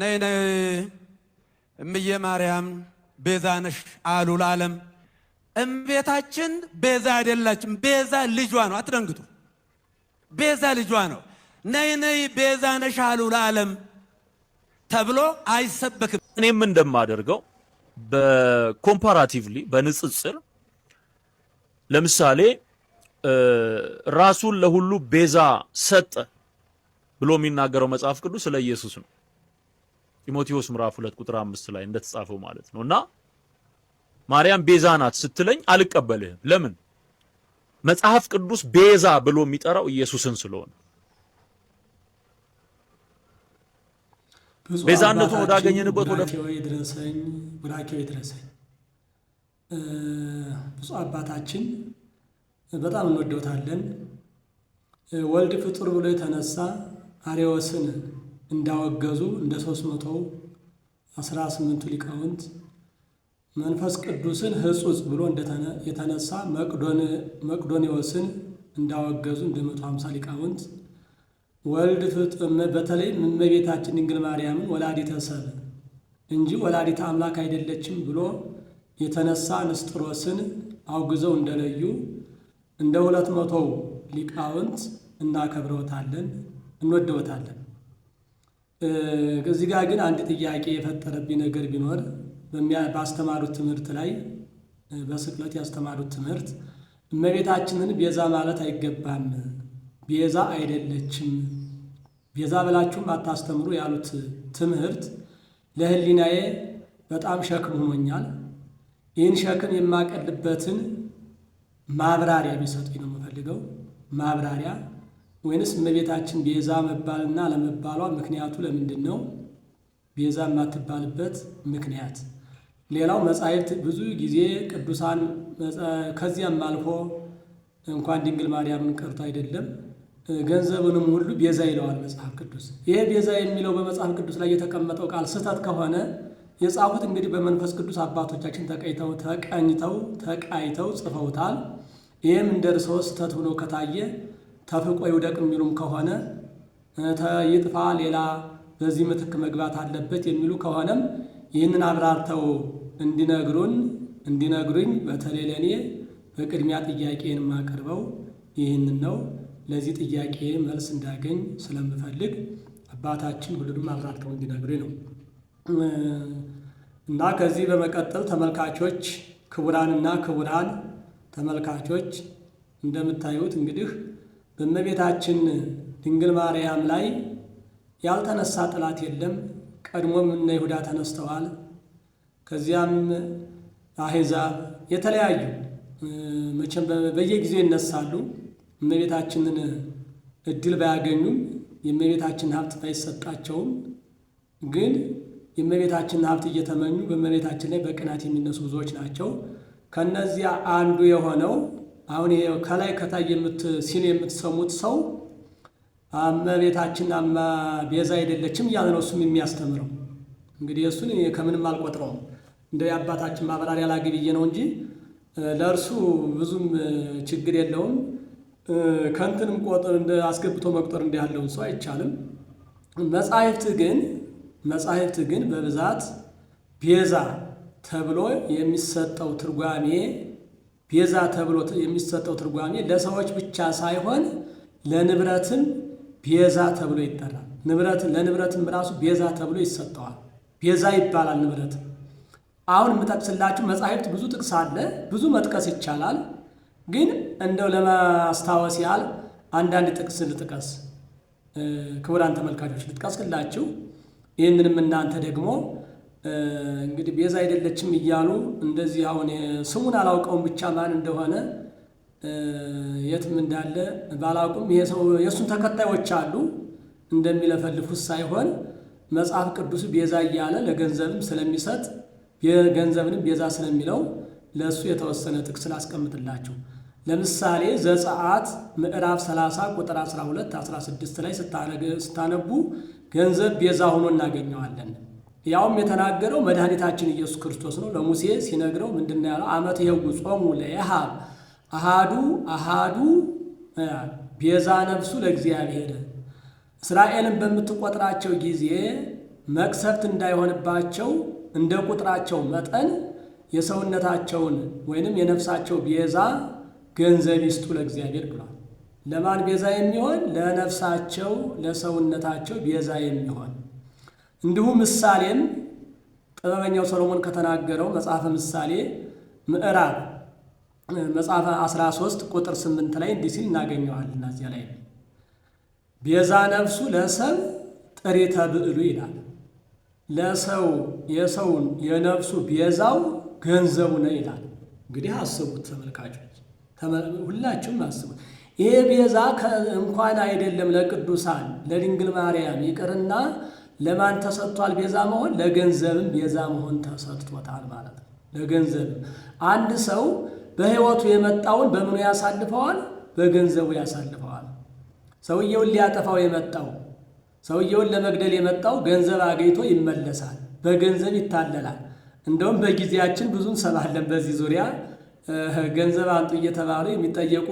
ነይ ነይ እምዬ ማርያም ቤዛ ነሽ አሉ ለዓለም። እምቤታችን ቤዛ አይደላችም። ቤዛ ልጇ ነው። አትደንግጡ። ቤዛ ልጇ ነው። ነይ ነይ ቤዛ ነሽ አሉ ለዓለም ተብሎ አይሰበክም። እኔም እንደማደርገው በኮምፓራቲቭሊ በንጽጽር ለምሳሌ ራሱን ለሁሉ ቤዛ ሰጠ ብሎ የሚናገረው መጽሐፍ ቅዱስ ስለ ኢየሱስ ነው። ጢሞቴዎስ ምዕራፍ 2 ቁጥር 5 ላይ እንደተጻፈው ማለት ነው እና ማርያም ቤዛ ናት ስትለኝ አልቀበልህም። ለምን? መጽሐፍ ቅዱስ ቤዛ ብሎ የሚጠራው ኢየሱስን ስለሆነ ቤዛነቱን ወዳገኘንበት ወደ ድረሰኝ ቡራኬው ይድረሰኝ። ብፁዕ አባታችን በጣም እንወደውታለን። ወልድ ፍጡር ብሎ የተነሳ አሪዎስን እንዳወገዙ እንደ ሦስት መቶ አስራ ስምንቱ ሊቃውንት መንፈስ ቅዱስን ሕጹጽ ብሎ የተነሳ መቅዶኔዎስን እንዳወገዙ እንደ መቶ ሀምሳ ሊቃውንት ወልድ ፍጥም በተለይ እመቤታችን ድንግል ማርያምን ወላዲተ ሰብ እንጂ ወላዲተ አምላክ አይደለችም ብሎ የተነሳ ንስጥሮስን አውግዘው እንደለዩ እንደ ሁለት መቶ ሊቃውንት እናከብረውታለን፣ እንወደውታለን። እዚህ ጋር ግን አንድ ጥያቄ የፈጠረብኝ ነገር ቢኖር በስተማሩት ትምህርት ላይ በስቅለት ያስተማሩት ትምህርት እመቤታችንን ቤዛ ማለት አይገባም፣ ቤዛ አይደለችም፣ ቤዛ ብላችሁም አታስተምሩ ያሉት ትምህርት ለሕሊናዬ በጣም ሸክም ሆኖኛል። ይህን ሸክም የማቀልበትን ማብራሪያ ቢሰጡኝ ነው የምፈልገው ማብራሪያ ወይንስ እመቤታችን ቤዛ መባልና ለመባሏ ምክንያቱ ለምንድን ነው? ቤዛ የማትባልበት ምክንያት። ሌላው መጻሕፍት ብዙ ጊዜ ቅዱሳን ከዚያም አልፎ እንኳን ድንግል ማርያምን ቀርቶ አይደለም ገንዘብንም ሁሉ ቤዛ ይለዋል መጽሐፍ ቅዱስ። ይሄ ቤዛ የሚለው በመጽሐፍ ቅዱስ ላይ የተቀመጠው ቃል ስህተት ከሆነ የጻፉት እንግዲህ በመንፈስ ቅዱስ አባቶቻችን ተቀኝተው ተቀኝተው ተቃይተው ጽፈውታል። ይህም እንደ ርሰው ስህተት ሆኖ ከታየ ተፍቆ ይውደቅ የሚሉም ከሆነ ይጥፋ፣ ሌላ በዚህ ምትክ መግባት አለበት የሚሉ ከሆነም ይህንን አብራርተው እንዲነግሩን እንዲነግሩኝ በተለይ ለእኔ በቅድሚያ ጥያቄን የማቀርበው ይህንን ነው። ለዚህ ጥያቄ መልስ እንዳገኝ ስለምፈልግ አባታችን ሁሉንም አብራርተው እንዲነግሩኝ ነው እና ከዚህ በመቀጠል ተመልካቾች ክቡራንና ክቡራን ተመልካቾች እንደምታዩት እንግዲህ በእመቤታችን ድንግል ማርያም ላይ ያልተነሳ ጠላት የለም። ቀድሞም እነ ይሁዳ ተነስተዋል። ከዚያም አሕዛብ የተለያዩ መቼም በየጊዜው ይነሳሉ። እመቤታችንን እድል ባያገኙም የእመቤታችንን ሀብት ባይሰጣቸውም ግን የእመቤታችንን ሀብት እየተመኙ በእመቤታችን ላይ በቅናት የሚነሱ ብዙዎች ናቸው። ከነዚያ አንዱ የሆነው አሁን ከላይ ከታይ ሲል የምትሰሙት ሰው እመቤታችን አማ ቤዛ አይደለችም እያለ ነው እሱም የሚያስተምረው። እንግዲህ እሱን ከምንም አልቆጥረውም እንደ አባታችን ማብራሪያ ላግብዬ ነው እንጂ ለእርሱ ብዙም ችግር የለውም። ከእንትንም ቆጥር አስገብቶ መቁጠር እንዲህ ያለውን ሰው አይቻልም። መጻሕፍት ግን መጻሕፍት ግን በብዛት ቤዛ ተብሎ የሚሰጠው ትርጓሜ ቤዛ ተብሎ የሚሰጠው ትርጓሜ ለሰዎች ብቻ ሳይሆን ለንብረትም ቤዛ ተብሎ ይጠራል። ንብረት ለንብረትም ራሱ ቤዛ ተብሎ ይሰጠዋል። ቤዛ ይባላል ንብረት። አሁን የምጠቅስላችሁ መጻሕፍት ብዙ ጥቅስ አለ፣ ብዙ መጥቀስ ይቻላል። ግን እንደው ለማስታወስ ያህል አንዳንድ ጥቅስ ልጥቀስ፣ ክቡራን ተመልካቾች ልጥቀስላችሁ። ይህንንም እናንተ ደግሞ እንግዲህ ቤዛ አይደለችም እያሉ እንደዚህ አሁን ስሙን አላውቀውም ብቻ ማን እንደሆነ የትም እንዳለ ባላውቅም ይሄ ሰው የእሱን ተከታዮች አሉ እንደሚለፈልፉት ሳይሆን መጽሐፍ ቅዱስ ቤዛ እያለ ለገንዘብም ስለሚሰጥ የገንዘብንም ቤዛ ስለሚለው ለእሱ የተወሰነ ጥቅስ ላስቀምጥላችሁ። ለምሳሌ ዘፀአት ምዕራፍ 30 ቁጥር 12 16 ላይ ስታነቡ ገንዘብ ቤዛ ሆኖ እናገኘዋለን። ያውም የተናገረው መድኃኒታችን ኢየሱስ ክርስቶስ ነው። ለሙሴ ሲነግረው ምንድን ነው ያለው? አመት የውጉ ጾሙ ለየሃብ አሃዱ አሃዱ ቤዛ ነፍሱ ለእግዚአብሔር እስራኤልን በምትቆጥራቸው ጊዜ መቅሰፍት እንዳይሆንባቸው እንደ ቁጥራቸው መጠን የሰውነታቸውን ወይንም የነፍሳቸው ቤዛ ገንዘብ ይስጡ ለእግዚአብሔር ብሏል። ለማን ቤዛ የሚሆን ለነፍሳቸው ለሰውነታቸው ቤዛ የሚሆን እንዲሁ ምሳሌን ጥበበኛው ሰሎሞን ከተናገረው መጽሐፈ ምሳሌ ምዕራፍ መጽሐፈ 13 ቁጥር 8 ላይ እንዲህ ሲል እናገኘዋል። እናዚያ ላይ ቤዛ ነፍሱ ለሰብ ጥሪተ ብዕሉ ይላል። ለሰው የሰውን የነፍሱ ቤዛው ገንዘቡ ነው ይላል። እንግዲህ አስቡት ተመልካቾች፣ ሁላችሁም አስቡት። ይሄ ቤዛ እንኳን አይደለም ለቅዱሳን ለድንግል ማርያም ይቅርና ለማን ተሰጥቷል ቤዛ መሆን? ለገንዘብም ቤዛ መሆን ተሰጥቶታል ማለት ነው። ለገንዘብም አንድ ሰው በህይወቱ የመጣውን በምኑ ያሳልፈዋል? በገንዘቡ ያሳልፈዋል። ሰውየውን ሊያጠፋው የመጣው ሰውየውን ለመግደል የመጣው ገንዘብ አገኝቶ ይመለሳል፣ በገንዘብ ይታለላል። እንደውም በጊዜያችን ብዙ እንሰማለን በዚህ ዙሪያ ገንዘብ አንጡ እየተባሉ የሚጠየቁ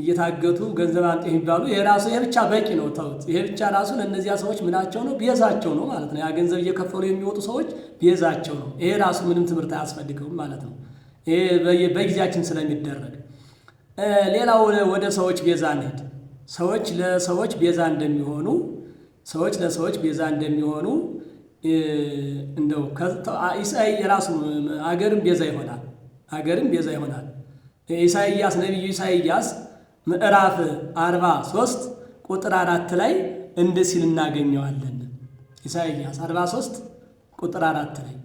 እየታገቱ ገንዘብ አንጥ የሚባሉ ይሄ ራሱ ይሄ ብቻ በቂ ነው። ተውት፣ ይሄ ብቻ ራሱ ለእነዚያ ሰዎች ምናቸው ነው? ቤዛቸው ነው ማለት ነው። ያ ገንዘብ እየከፈሉ የሚወጡ ሰዎች ቤዛቸው ነው። ይሄ ራሱ ምንም ትምህርት አያስፈልገውም ማለት ነው። ይሄ በጊዜያችን ስለሚደረግ ሌላው ወደ ሰዎች ቤዛ እንሂድ። ሰዎች ለሰዎች ቤዛ እንደሚሆኑ ሰዎች ለሰዎች ቤዛ እንደሚሆኑ እንደው ኢሳይ የራሱ አገርም ቤዛ ይሆናል። አገርም ቤዛ ይሆናል። ኢሳይያስ ነቢዩ ኢሳይያስ ምዕራፍ 43 ቁጥር 4 ላይ እንደ ሲል እናገኘዋለን። ኢሳይያስ 43 ቁጥር 4 ላይ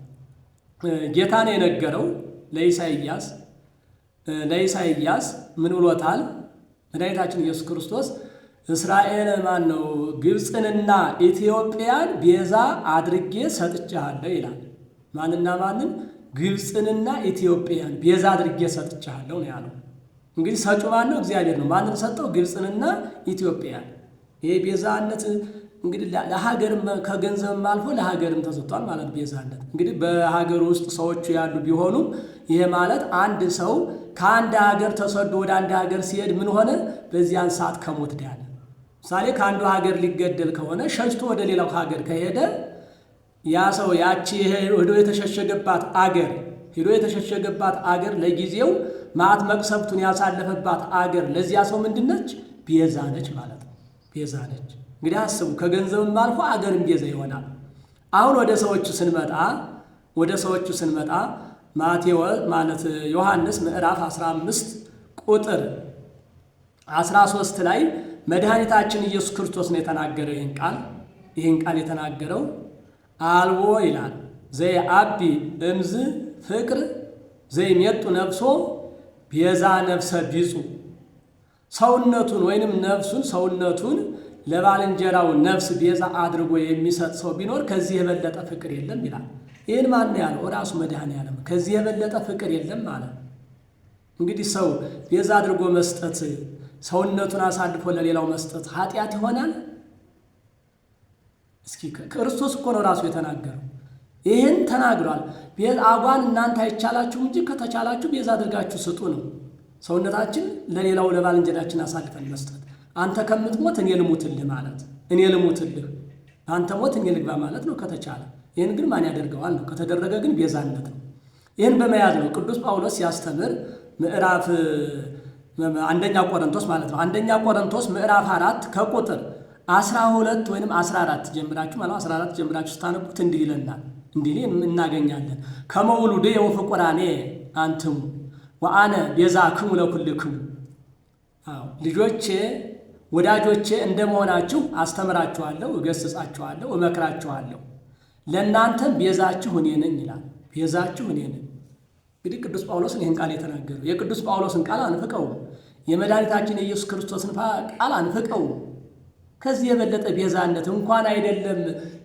ጌታን የነገረው ለኢሳይያስ ለኢሳይያስ ምን ብሎታል? መድኃኒታችን ኢየሱስ ክርስቶስ እስራኤል ማን ነው ግብፅንና ኢትዮጵያን ቤዛ አድርጌ ሰጥቻለሁ ይላል። ማንና ማንን? ግብፅንና ኢትዮጵያን ቤዛ አድርጌ ሰጥቻለሁ ነው ያለው። እንግዲህ ሰጩ ማን ነው? እግዚአብሔር ነው። ማንን ሰጠው? ግብፅንና ኢትዮጵያ ይሄ ቤዛነት እንግዲህ ለሀገርም ከገንዘብም አልፎ ለሀገርም ተሰጥቷል ማለት ቤዛነት። እንግዲህ በሀገር ውስጥ ሰዎቹ ያሉ ቢሆኑም ይሄ ማለት አንድ ሰው ከአንድ ሀገር ተሰዶ ወደ አንድ ሀገር ሲሄድ ምን ሆነ? በዚያን ሰዓት ከሞት ዳነ። ምሳሌ ከአንዱ ሀገር ሊገደል ከሆነ ሸሽቶ ወደ ሌላው ሀገር ከሄደ ያ ሰው ያቺ ሄዶ የተሸሸገባት አገር ሄዶ የተሸሸገባት አገር ለጊዜው ማት መቅሰብቱን ያሳለፈባት አገር ለዚያ ሰው ምንድነች? ቤዛ ነች ማለት ነው። ቤዛ ነች። እንግዲህ አስቡ፣ ከገንዘብም አልፎ አገርም ቤዛ ይሆናል። አሁን ወደ ሰዎቹ ስንመጣ ወደ ሰዎቹ ስንመጣ ማቴዎ ማለት ዮሐንስ ምዕራፍ 15 ቁጥር 13 ላይ መድኃኒታችን ኢየሱስ ክርስቶስ ነው የተናገረው ይህን ቃል ይህን ቃል የተናገረው አልቦ ይላል ዘይ አቢ እምዝ ፍቅር ዘይሜጡ ነፍሶ ቤዛ ነፍሰ ቢጹ ሰውነቱን ወይንም ነፍሱን ሰውነቱን ለባልንጀራው ነፍስ ቤዛ አድርጎ የሚሰጥ ሰው ቢኖር ከዚህ የበለጠ ፍቅር የለም ይላል። ይህን ማን ያለው? ራሱ መድኃኔዓለም። ከዚህ የበለጠ ፍቅር የለም ማለት እንግዲህ ሰው ቤዛ አድርጎ መስጠት፣ ሰውነቱን አሳልፎ ለሌላው መስጠት ኃጢአት ይሆናል? እስኪ ክርስቶስ እኮ ነው ራሱ የተናገረው። ይህን ተናግሯል። አጓን እናንተ አይቻላችሁም እንጂ ከተቻላችሁ ቤዛ አድርጋችሁ ስጡ ነው። ሰውነታችን ለሌላው ለባልንጀዳችን አሳልፈን መስጠት፣ አንተ ከምትሞት እኔ ልሙትልህ ማለት እኔ ልሙትልህ አንተ ሞት እኔ ልግባ ማለት ነው ከተቻለ። ይህን ግን ማን ያደርገዋል ነው። ከተደረገ ግን ቤዛነት ነው። ይህን በመያዝ ነው ቅዱስ ጳውሎስ ሲያስተምር ምዕራፍ አንደኛ ቆረንቶስ ማለት ነው። አንደኛ ቆረንቶስ ምዕራፍ አራት ከቁጥር አስራ ሁለት ወይም አስራ አራት ጀምራችሁ ማለት አስራ አራት ጀምራችሁ ስታነቡት እንዲህ ይለናል እንዲህ እናገኛለን። ከመውሉዴ የወፍ ቁራኔ አንትሙ ወአነ ቤዛክሙ ለኩልክሙ። ልጆቼ ወዳጆቼ እንደመሆናችሁ አስተምራችኋለሁ፣ እገስጻችኋለሁ፣ እመክራችኋለሁ። ለእናንተም ቤዛችሁ እኔ ነኝ ይላል። ቤዛችሁ እኔ ነኝ። እንግዲህ ቅዱስ ጳውሎስን ይህን ቃል የተናገረው የቅዱስ ጳውሎስን ቃል አንፍቀው፣ የመድኃኒታችን የኢየሱስ ክርስቶስን ቃል አንፍቀው ከዚህ የበለጠ ቤዛነት እንኳን አይደለም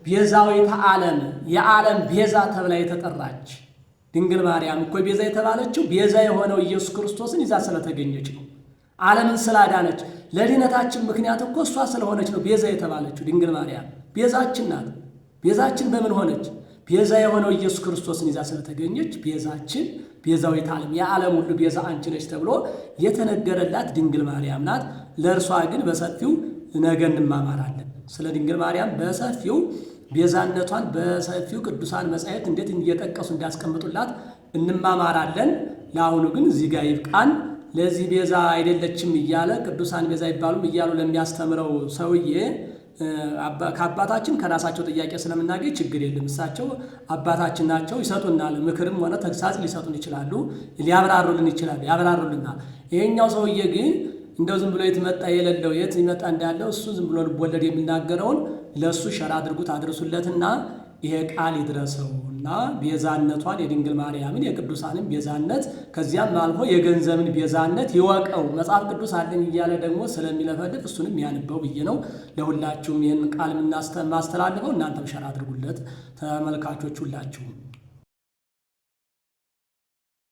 ቤዛዊተ ዓለም የዓለም ቤዛ ተብላ የተጠራች ድንግል ማርያም እኮ ቤዛ የተባለችው ቤዛ የሆነው ኢየሱስ ክርስቶስን ይዛ ስለተገኘች ነው። ዓለምን ስላዳነች ለድኅነታችን ምክንያት እኮ እሷ ስለሆነች ነው ቤዛ የተባለችው። ድንግል ማርያም ቤዛችን ናት። ቤዛችን በምን ሆነች? ቤዛ የሆነው ኢየሱስ ክርስቶስን ይዛ ስለተገኘች ቤዛችን ቤዛዊት ዓለም የዓለም ሁሉ ቤዛ አንቺ ነች ተብሎ የተነገረላት ድንግል ማርያም ናት። ለእርሷ ግን በሰፊው ነገ እንማማራለን። ስለ ድንግል ማርያም በሰፊው ቤዛነቷን በሰፊው ቅዱሳን መጻሕፍት እንዴት እየጠቀሱ እንዳስቀምጡላት እንማማራለን። ለአሁኑ ግን እዚህ ጋር ይብቃን። ለዚህ ቤዛ አይደለችም እያለ ቅዱሳን ቤዛ ይባሉም እያሉ ለሚያስተምረው ሰውዬ ከአባታችን ከራሳቸው ጥያቄ ስለምናገኝ ችግር የለም። እሳቸው አባታችን ናቸው፣ ይሰጡናል። ምክርም ሆነ ተግሳጽ ሊሰጡን ይችላሉ፣ ሊያብራሩልን ይችላሉ፣ ያብራሩልናል። ይሄኛው ሰውዬ ግን እንደው ዝም ብሎ የት መጣ የሌለው የት ይመጣ እንዳለው እሱ ዝም ብሎ ልቦለድ የሚናገረውን ለእሱ ሸራ አድርጉት አድርሱለትና ይሄ ቃል ይድረሰው እና ቤዛነቷን የድንግል ማርያምን የቅዱሳንን ቤዛነት ከዚያም አልፎ የገንዘብን ቤዛነት ይወቀው። መጽሐፍ ቅዱስ አለኝ እያለ ደግሞ ስለሚለፈልግ እሱንም ያንበው ብዬ ነው ለሁላችሁም ይህን ቃል ማስተላልፈው። እናንተም ሸራ አድርጉለት ተመልካቾች ሁላችሁም